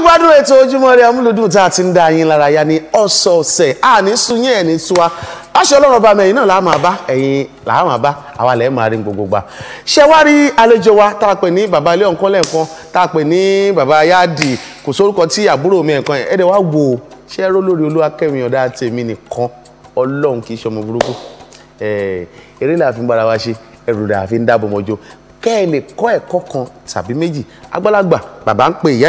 gbádùn ètò ojúmọ́ rẹ̀ amúlùdùn tá a ti ń dá yín lára ya ní ọ̀sọ̀ọ̀sẹ̀ àní sunyín ẹ̀ ní tiwa aṣọ ọlọ́run ọba mẹ́yìn náà láàmà bá ẹ̀yìn láàmà bá àwa lẹ́ẹ̀ máa rí gbogbo gbà ṣé wá rí àlejò wa tá a pè ní bàbá ilé ọ̀nkọ́ lẹ́ẹ̀kan tá a pè ní bàbá yáàdì kò sórúkọ tí àbúrò mi ẹ̀kan ẹ̀ ẹ̀dẹ̀ wá wò ó ẹ̀rọ lórí olú akẹ́mi ọ̀dà tèmi nìkan ọlọ́run kì í ṣọmọ burúkú eré là bára wa ṣe ẹrù là fi kẹ́ ẹ lè kọ́ ẹ̀kọ́ kan tàbí méjì àgbàlagbà bàbá ń pe ìyá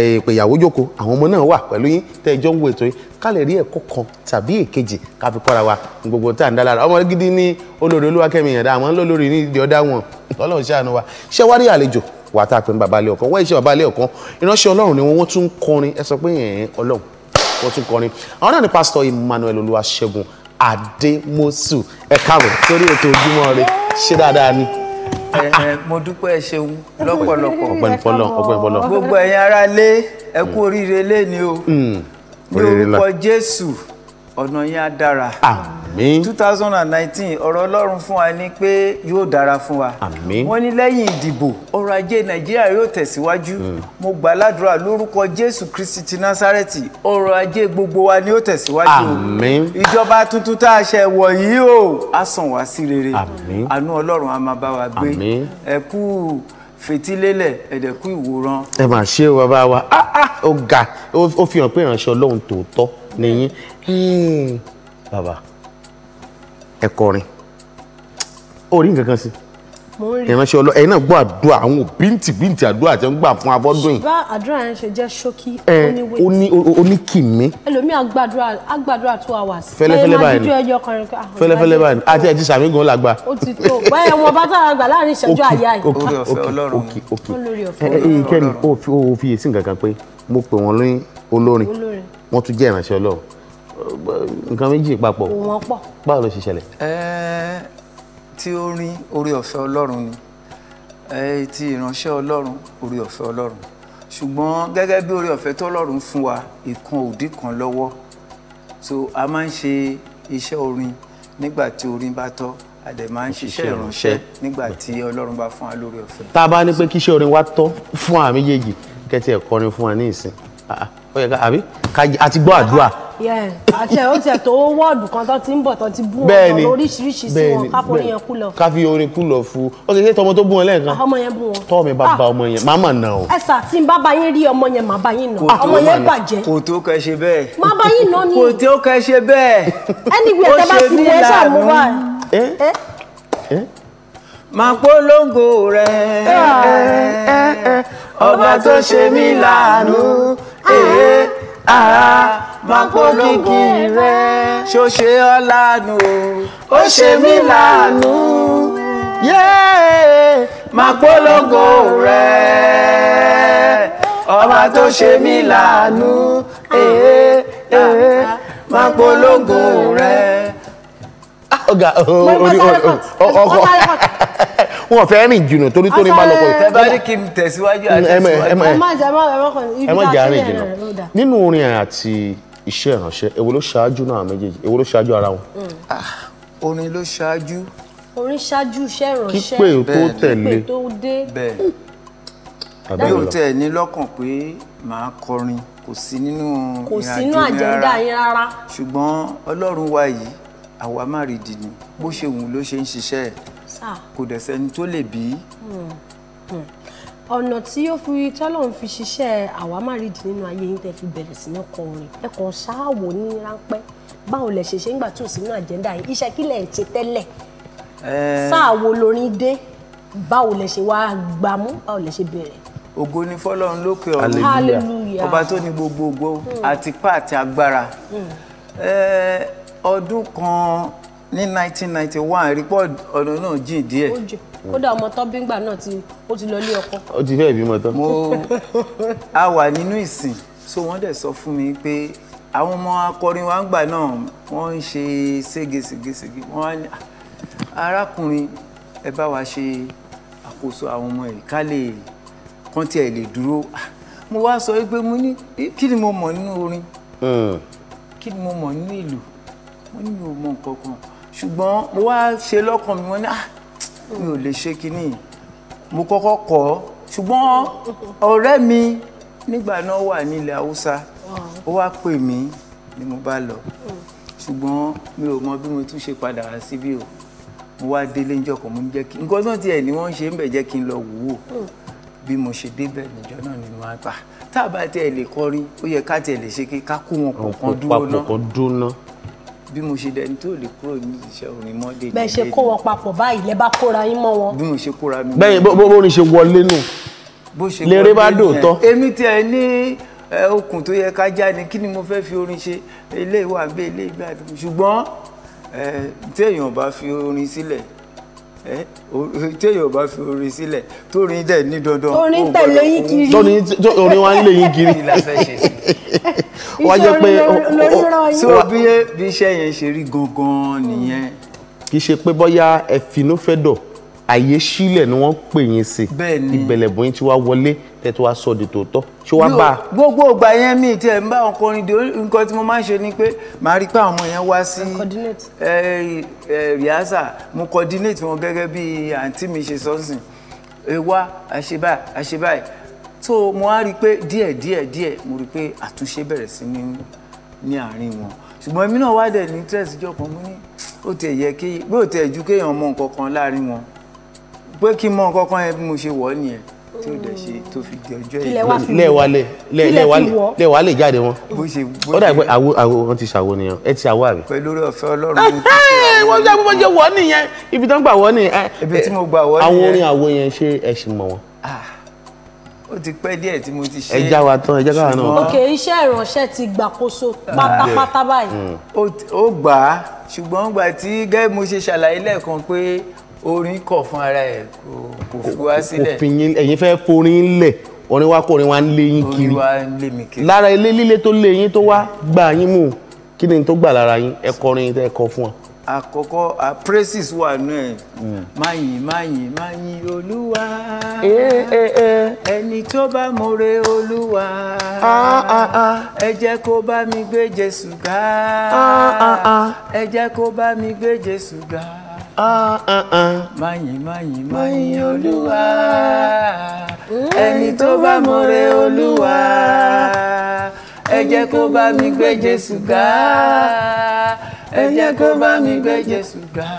ìpèyàwó jókòó àwọn ọmọ náà wà pẹ̀lú yín tẹ́ ẹ ń wo ètò yìí ká lè rí ẹ̀kọ́ kan tàbí èkejì ká fi kọ́ra wa gbogbo tá à ń dá ọmọ gidi ní olórí olúwakẹ́mi yẹn dá àwọn olórí ní ìdí ọ̀dá wọn ọlọ́run ṣàánú wa ṣé wá rí àlejò wà tá a pè bàbá ilé ọ̀kan wọ́n ṣe bàbá ilé ọ̀kan ìránṣẹ́ ọlọ́run ni wọ́n tún kọrin ẹ sọ pé ọlọ́run wọ́n tún kọrin àwọn náà ni pásítọ̀ mo dúpẹ́ ẹ ṣeun lọ́pọ̀lọpọ̀ ọ̀pẹ̀lọpọ̀ gbogbo ẹ̀yin ará lé ẹ kú oríire lé ni o mm, ní orúkọ Jésù ọ̀nà yín á dára. àmín àmín. two thousand and nineteen ọ̀rọ̀ ọlọ́run fún wa ni pé yóò dára fún wa. àmín. wọ́n ní lẹ́yìn ìdìbò ọrọ̀ ajé nàìjíríà yóò tẹ̀síwájú. Hmm. mo gbà ládùúrà lórúkọ jésù kristi ti násárẹ́tì ọrọ̀ ajé gbogbo wa ni yóò tẹ̀síwájú. àmín. ìjọba tuntun tá a ṣe wọ̀ yìí o á sàn wá sí rere. àmín. àánú ọlọ́run á máa bá wa gbé. àmín. ẹ kú fetílélẹ̀ ẹ̀dẹ̀kú ìwòran. ẹ mà ṣe o bàbá wa ah, ah, ó ga ó fi hàn pé ìránṣẹ́ ọlọ́run tòótọ́ nìyí hmm. bàbá ẹ̀kọ́ rin orí nǹkan kan sí ìránṣẹ́ ọlọ́ ẹ̀yin náà gbọ́ àdúrà àwọn bíntì bíntì àdúrà tẹ́ ń gbà fún Afọ́dún yìí. bá àdúrà yẹn ṣe jẹ́ ṣókí ó ní ó ní kìmí. ẹlòmíì àgbàdúrà àgbàdúrà two hours. fẹ́lẹ́fẹ́lẹ́ báyìí ni ah, fẹ́lẹ́fẹ́lẹ́ báyìí ni àti ẹtí sàmì gan làgbà. ó ti tó báyẹn wọn bá tàrà gbà láàrin ìṣẹ́jú àyà yìí. ok ok ok ìkẹ́ni ó fi èsì nǹkan kan pé mo pè wọ́n lóyún olórin wọ́n tún jẹ́ ìránṣẹ́ Ọlọ́run nǹkan méjì papọ̀ wọn pọ̀ báwo ló ṣe ṣẹlẹ̀. tí ó rí orí ọ̀fẹ́ ọlọ́run ni ti ìránṣẹ́ ọlọ́run orí ọ̀fẹ́ ọlọ́run ṣùgbọ́n gẹ́gẹ́ bí orí ọ̀fẹ́ tọ́lọ́run fún wa ìkan òdì kan lọ́wọ́ so a máa ń ṣe iṣẹ́ orin nígbà tí orin bá tọ́ a dẹ̀ máa ń ṣiṣẹ́ ìránṣẹ́ nígbà tí ọlọ́run bá fún wa lórí ọ̀fẹ́. tá a bá ní pé kíṣẹ́ orin wa tọ́ fún àmì yéèjì kẹ́tì ẹ̀ kọrin fún wa ní ìsìn ah, ah, àbí àti gbọ́ àdúrà àti ẹ̀ ó tiẹ̀ tó wọ́ọ̀dù kan tó ti ń bọ̀ tó ti bú wọn lọ oríṣiríṣi sí wọn káfọ́ orí yẹn kú lọ. ká fi orin kú lọ fún ó ti ṣe tọmọ tó bú wọn lẹ́ẹ̀kan ọmọ yẹn bú wọn tọ́ mi bá ah. ba ọmọ yẹn má mà nà o. ẹ sà tí n bá ba yín rí ọmọ yẹn má ba yín nà ọmọ yẹn bàjẹ́. kò tó kẹ ṣe bẹ́ẹ̀. má ba yín nà ni. kò tó kẹ ṣe bẹ́ẹ̀. ẹnìwé ẹ̀ Ah, máa polongo rẹ ṣó ṣe ọ́ láàánú ó ṣe mí láàánú máa polongo rẹ ọba tó ṣe mí láàánú eh, eh, máa polongo rẹ. ọ̀gá orí ọ̀gá wọn fẹ́ rìn jìnnà torí tó ní bá lọ́kọ̀ yìí. tẹ́bá ní kí n tẹ̀síwájú àti tẹ̀síwájú. ẹ má jà rìn jìnnà nínú orin àti iṣẹ́ ìránṣẹ́ èwo ló ṣáájú náà méjèèjì èwo ló ṣáájú ara wọn. Mm. Ah, orin ló ṣáájú. orin ṣáájú iṣẹ́ ìránṣẹ́ kípè tó tẹ̀lé kípè tó dé. bẹ́ẹ̀ mi ò tẹ̀ ní lọ́kàn pé màá kọrin kò sí nínú ìrìnàjò mi rárá ṣùgbọ́n ọlọ́run wa yìí àwa má rí dì ní bó ṣe wù ló ṣe ń ṣiṣẹ́ ẹ̀. Ah. kò dẹ̀ sẹ́ni tó lè bí. Hmm. Hmm. ọ̀nà tí ó fi tọ́lọ́run fi ṣiṣẹ́ àwámárìdì nínú ayé yín tẹ́ fi bẹ̀rẹ̀ sí ní kọ orin ẹ̀kọ́ ṣáàwò ní ráńpẹ́ báwo lẹ ṣe ṣe ń gbà tó sínú àjẹ́ndà yìí iṣẹ́ kílẹ̀ ń ṣe tẹ́lẹ̀ ṣáàwò lórin dé báwo lẹ ṣe wá gbámú báwo lẹ ṣe bẹ̀rẹ̀ ògo ni fọ́lọ́run lókè ọ̀run ọba tó ní gbogbo ògo hmm. àtipá àti agbára ọdún kan ní 1991 report ọ̀nà náà jìn díẹ̀. kódà ọmọ tó bíngbà náà ti ó ti lọ ilé ọkọ. ó ti fẹ́ ìbímọ tán. mo a wà nínú ìsìn so wọ́n dẹ̀ sọ fún mi pé àwọn ọmọ akọrin wa ń gbà náà wọ́n ń ṣe ségesègesège wọ́n á ní ah, arákùnrin ẹ bá wa ṣe àkóso àwọn ọmọ yìí ká lè kán tiẹ̀ lè dúró ah, mo wá sọ pé mo ní kí ni mo mọ̀ nínú orin hmm. kí ni mo mọ̀ nínú ìlú mo ní mi ò mọ̀ nǹkan kan ṣùgbọ́n mo wá ṣe lọ́kàn mi wọ́n ní ah mi ò lè ṣe kinní mo kọ́kọ́ kọ́ ṣùgbọ́n ọ̀rẹ́ mi nígbà náà wà ní ilẹ̀ haúsá ó wá pè mí ni mo bá lọ ṣùgbọ́n mi ò mọ bí mo tún ṣe padà wá síbí o mo wá délé níjọ́ kan mo ń jẹ́ kí nǹkan tó tiẹ̀ ni wọ́n ń ṣe ń bẹ̀ jẹ́ kí n lọ wò bí mo ṣe débẹ̀ níjọ́ náà ni mo gbà tá a bá tiẹ̀ lè kọrin ó yẹ ká tiẹ̀ lè ṣe ká kó wọn pọ̀ dúró náà bí mo ṣe dẹni tó lè kúrò ní iṣẹ́ orin mọ́lẹ̀ ní bẹ́ẹ̀ ṣe kó wọn papọ̀ báyìí lẹ́ bá kóra yín mọ́ wọn. bí mo ṣe kóra mi. bẹ́ẹ̀ bó bó ní ṣe wọlé nù lérè bá dòótọ́. èmi tí ẹ ní okùn tó yẹ ká já ni kí ni mo fẹ́ fi orin ṣe eléyìí wà ń bẹ eléyìí gbà tó ṣùgbọ́n tí èèyàn bá fi orin sílẹ̀ tí èèyàn bá fi orin sílẹ̀ tó rin dẹ̀ ní dandan. orin tẹ̀lé yín kiri. orin wa ń lé yín kiri. wá jẹ́ pé sí o bí iṣẹ́ yẹn ṣe rí gangan nìyẹn. kì í ṣe pé bóyá ẹ finú fẹ́ dọ̀ àyè sílẹ̀ ni wọ́n pè yín sí ìbẹ̀lẹ̀bùn yín tí wàá wọlé tẹ́tí wàá sọ di tòótọ́ ṣé wàá bá gbogbo ìgbà yẹn mi tiẹ̀ ń bá wọn kọrin de nǹkan tí mo máa ń ṣe ni pé màá rí pé àwọn ọmọ yẹn wá sí rìhásà mo coordinate wọn gẹ́gẹ́ bí àǹtí mi ṣe sọ́sìn ẹ wá àṣebáyé àṣebáyé tó mo á rí i pé díẹ̀ díẹ̀ díẹ̀ mo rí i pé àtúnṣe bẹ̀rẹ̀ sí ní ní àárín wọn ṣùgbọ́n èmi náà wá dẹ̀ ní tẹ̀síjọ́ kan mo ní ó tiẹ̀ yẹ kéye bí ó tiẹ̀ ju kéèyàn mọ nǹkan kan láàárín wọn pé kí n mọ nǹkan kan bí mo ṣe wọ̀ ọ́ nìyẹn tí ó dẹ̀ ṣe tó fi di ọjọ́ yìí. lẹ́ẹ̀wálẹ̀ lẹ́ẹ̀wálẹ̀ jáde wọn. ó dà pé àwo àwo wọn ti ṣàwo nìyẹn ẹ ti àwo àbí. pẹ̀lú orí ọ̀fẹ́ ọlọ́run. wọ́n jẹ́ pé wọ́n jẹ́ wọ́ nìyẹn ibi tó ń gbà wọ́ nìyẹn. Eh, ibi tí mo gbà wọ́ eh, nìyẹn. àwọn orin àwo yẹn ṣé ẹ ṣì mọ̀ wọn. Ah, ó ti pẹ́ díẹ̀ tí mo ti ṣe. ẹ já wa tán ẹ já káwa náà. òkè iṣẹ́ ìránṣẹ́ ti gbàkóso ah. pátápátá báyìí. Hmm. ó gbà á ṣùgbọ́n gbà tí gẹ́gẹ́ mo ṣe ṣàlàyé lẹ́ẹ̀kan pé orin kọ̀ fún ara ẹ̀ kò fi wá sílẹ̀. ẹ̀yin fẹ́ forin lẹ̀ orin wa kọrin wa ń lé yín kiri lára ilé líle tó lé yín tó wá gbà yín mú kí ni tó gbà lára yín ẹ kọrin tẹ kọ fún wa. àkọ́kọ́ praises wà nù ẹ̀ mm. máyìn máyìn máyìn olúwa eh, eh, eh, ẹni tó bá more olúwa ah, ah, ah. ẹ jẹ́ kó bá mi gbé jésù ga ẹ jẹ́ kó bá mi gbé jésù ga. Máyìn máyìn máyìn olúwa ẹni tó bá mọ̀rẹ́ olúwa ẹ jẹ́ kó bá mi gbé Jésù ga ẹ jẹ́ kó bá mi gbé Jésù ga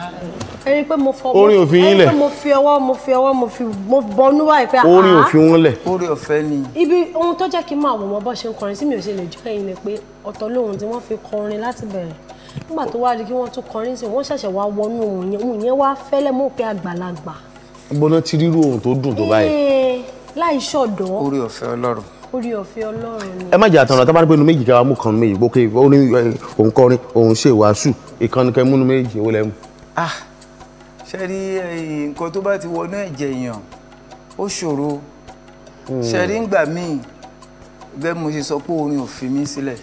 ẹni pé mo fọ orin òfin yín lẹ ẹni pé mo fi ọwọ́ mo fi ọwọ́ mo fi mo bọnú wáyé pé àá orin òfin wọn lẹ orin ọ̀fẹ́ ni. ibi ohun tó jẹ́ kí n máa wọ̀ wọ́n bọ́ ṣe ń kọrin sí mi ò ṣe lè jọ́ ẹ̀yin ni pé ọ̀tọ̀ lóhun tí wọ́n fi kọrin láti bẹ̀rẹ̀ nígbà tó wá di kí wọ́n tún kọrin sí wọ́n ṣẹ̀ṣẹ̀ wá wọnú òun yẹn òun yẹn wá fẹ́lẹ́ mọ̀ pé àgbàlagbà. gbọ́dọ̀ ti rírú ohun tó dùn tó báyìí. láì ṣọ̀dọ̀. orí ọ̀fẹ́ ọlọ́run. orí ọ̀fẹ́ ọlọ́run ni. ẹ má jẹ àtàwọn àtàwọn àdúgbò inú méjì káwa mú kan méjì gbókè òun kọrin òun ṣe wàásù ìkànnì kẹ múnú méjì wọlé mu. ah ṣe rí nǹkan tó bá ti wọnú ẹ̀jẹ̀ èèyàn ó ṣòro hmm. ṣe rí ngbà míì gẹ́gẹ́ mo ṣe sọ pé orin ò fi mí sílẹ̀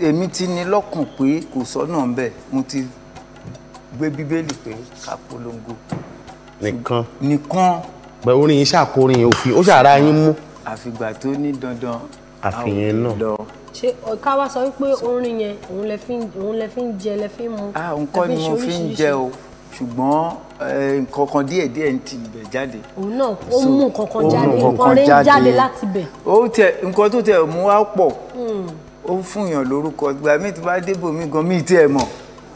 èmi ti ní lọ́kàn pé kò sọ́nà ń bẹ̀ mo ti gbé bíbélì pé ká polongo. nìkan nìkan. pẹ̀ orin yìí ṣàkórin òfin ó ṣàrà yín mú. àfìgbà tó ní dandan àfihàn náà ṣe ká wá sọ wípé orin yẹn òun lẹ fi òun lẹ fi jẹ lẹ fi mu. a nǹkan ni mo fi ń jẹ o ṣùgbọ́n nǹkan kan díẹ̀ díẹ̀ ń ti ibẹ̀ jáde. òun náà ó mú nǹkan kan jáde nǹkan rẹ̀ ń jáde láti bẹ̀. ó tó tẹ mú wá pọ̀ hmm ó ń fún yàn lórúkọ ìgbà míì tí bá débò mí gan míì tí ẹ mọ̀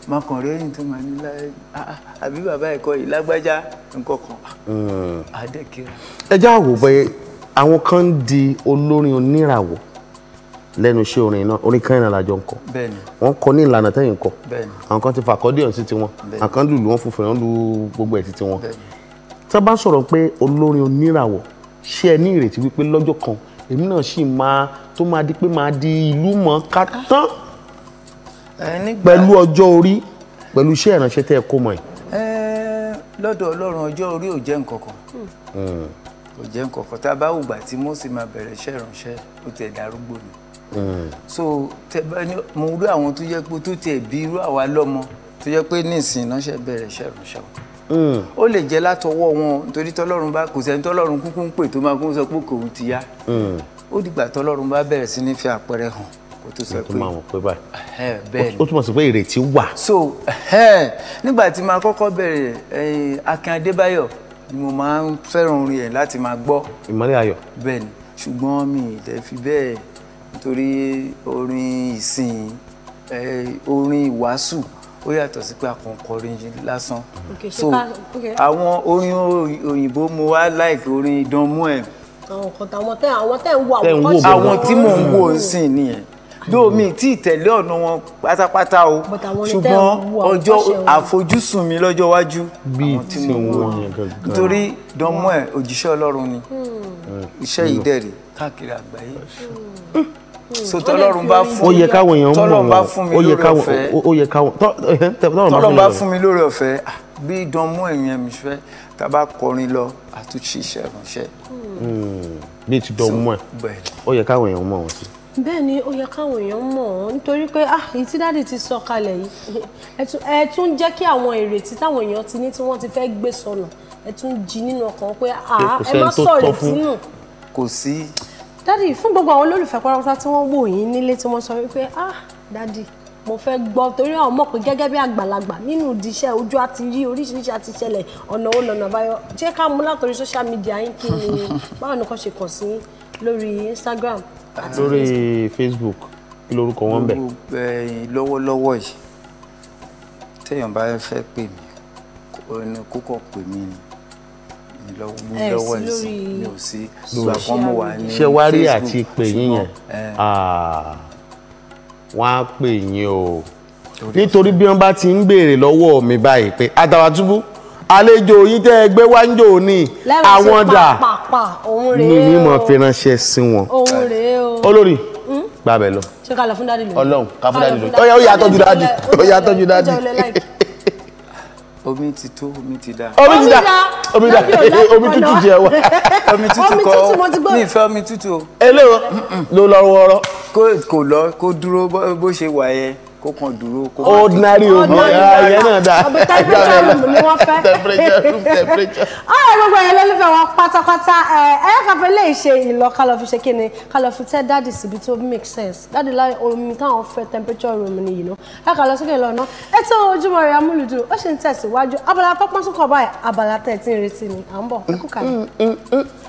mọkànrin ẹ̀yìn tó máa ní láyé ah, ah, àbí bàbá ẹ̀kọ́ yìí lágbájá nǹkan kan hmm. adékèrè. ẹ já wò bẹ́ẹ̀ àwọn kan ń di olórin oníràwọ̀ lẹ́nu iṣẹ́ orin náà orin kan ìrìnàlá jọ ń kọ wọ́n kọ ní ìlànà tẹ́yìn kọ àwọn kan ti fa àkọ́díọ̀n sí tiwọn àwọn kan lùlù wọn fòfin wọn lu gbogbo ẹ̀ sí tiwọn tá a bá sọ̀rọ̀ pé olórin oníràwọ̀ ṣé ẹ ní ìrètí wípé lọ́jọ́ kan èmi náà sì máa tó máa di pé máa di ìlú mọ̀ọ́ká tán pẹ̀lú ọjọ́ orí pẹ̀lú iṣẹ́ ìránṣẹ́ tẹ́ ẹ kó mọ̀ yìí. lọ́dọ̀ ọlọ́run ọjọ́ orí ò jẹ́ nǹkan kan hmm. ò jẹ́ nǹkan tá a bá wùgbà tí Mósè máa bẹ̀rẹ̀ iṣẹ́ ìránṣẹ́ ó tẹ̀ darúgbó ni hmm. so mo rí àwọn tó yẹ pé tó tẹ̀ bí irú àwa lọ́mọ tó yẹ pé nísìnyí náà ṣe bẹ̀rẹ̀ iṣẹ́ ìránṣẹ́ wọn ó lè jẹ́ látọwọ́ wọn nítorí tọ́lọ́run bá kò sẹ́ni tọ́lọ́run kúkú ń pè tó máa kún sọ pé kò ti yá ó dìgbà tọ́lọ́run bá bẹ̀rẹ̀ sí ní fi àpẹẹrẹ hàn kó tó sọ pé bẹ́ẹ̀ ni ó túmọ̀ sí pé ìrètí wà. so nígbà tí máa kọ́kọ́ bẹ̀rẹ̀ Akin Adébáyọ̀ ni mo máa ń fẹ́ràn orin ẹ̀ láti máa gbọ́. ìmọ́lẹ̀ ayọ̀. bẹ́ẹ̀ ni ṣùgbọ́n mi ìdẹ́ fi bẹ́ẹ̀ nítorí orin ìsìn orin ìwàásù ó yàtọ̀ sí pé a kàn kọrin lásán so àwọn orin òyìnbó mo wá like orin ìdánmú ẹ̀ àwọn tí mò ń wò ń mm. nìyẹn lómi tí ìtẹ̀lé ọ̀nà wọn pátápátá o ṣùgbọ́n ọjọ́ àfojúsùn mi lọ́jọ́ iwájú àwọn tí mo wò nítorí dánmọ́ ẹ̀ òjíṣẹ́ ọlọ́run ni hmm. Hmm. iṣẹ́ yìí dẹ̀ rí káàkiri àgbáyé. Hmm so tọ́lọ́run bá fún mi tọ́lọ́run bá fún mi lórí ọ̀fẹ́ tọ́lọ́run bá fún mi lórí ọ̀fẹ́ ah, bí ìdánmọ́ ẹ̀yìn ẹ̀mí fẹ́ tá a bá kọrin lọ àtúnṣe iṣẹ́ ìránṣẹ́. Hmm. bí ti dánmọ́ ẹ̀ ó yẹ káwọn èèyàn mọ̀ wọ́n sí. bẹ́ẹ̀ ni yẹ káwọn èèyàn mọ̀ nítorí pé ah èyí tí dáàdì ti sọ kalẹ̀ yìí ẹ tún jẹ́ kí àwọn ìrètí táwọn èèyàn ti ní tí wọ́n ti fẹ́ gbé sọnà ẹ tún jí nínú ọkàn pé ah ẹ má sọ ìrètí nù. kò sí dádì fún gbogbo àwọn olólùfẹ́ pátápátá tí wọ́n wò yín nílé tí wọ́n sọ wípé ah dádì mo fẹ́ gbọ́ torí àwọn mọ̀ pé gẹ́gẹ́ bí àgbàlagbà nínú ìdíṣẹ́ ojú àti rí oríṣiríṣi àti ṣẹlẹ̀ ọ̀nà ó lọ́nà àbáyọ ṣé ká mú látòrí social media yín kí ni báwo ni kò ṣe kàn sí lórí Instagram àti lórí Facebook kí lorúkọ wọn bẹ̀. Eh, lọ́wọ́lọ́wọ́ yìí téèyàn bá fẹ́ pè mí kókó eh, pè mí ni mú lọ́wọ́ ẹ̀sìn mi ò sí ìgbà kan mo wà ní Facebook ṣé wá rí àti pè yín yẹn wọ́n á pè yín o nítorí bí wọ́n bá ti ń béèrè lọ́wọ́ mi báyìí pé Àtàbàtúbú àlejò yín tẹ́ ẹ gbé wá ń jò ní àwọn dà ní mímọ̀ fi ránṣẹ́ sí wọn olórí hmm? gbàbẹ̀ lọ ọlọ́run ká fún dáàdì lóyún ó yà á tọ́jú dáàdì ó yà á tọ́jú dáàdì omi ti tó omi ti da. omi ti dá omi dá omi tútù jẹ wa. omi tútù kọ ní ìfẹ́ omi tútù o. eléwo ló lọ wọrọ. kò lọ kó dúró bó ṣe wà yẹn kó kàn dúró kó máa ordinary omi ayé ah, náà dá ọbẹ temperature room temperature room temperature. ọ̀rọ̀ gbogbo ẹ̀yẹ lólùfẹ́ wọn pátápátá eh, ẹ ẹ kàfẹ́ lè ṣe ìlọ kálọ̀ fi ṣe kí ni kálọ̀ fi tẹ́ dáàdì síbi tó make sense dáàdì láì omi táwọn fẹ́ temperature room ni yìí nọ ẹ kà lọ sókè lọ́nà ètò Ojúmọ́ Ire Amúlùdùn ó sì ń tẹ̀síwájú abala pápánsókọ̀ báyìí abala tẹ̀ tí ń retí ni à ń bọ̀ ẹ kú kàlẹ̀. Mm, mm, mm,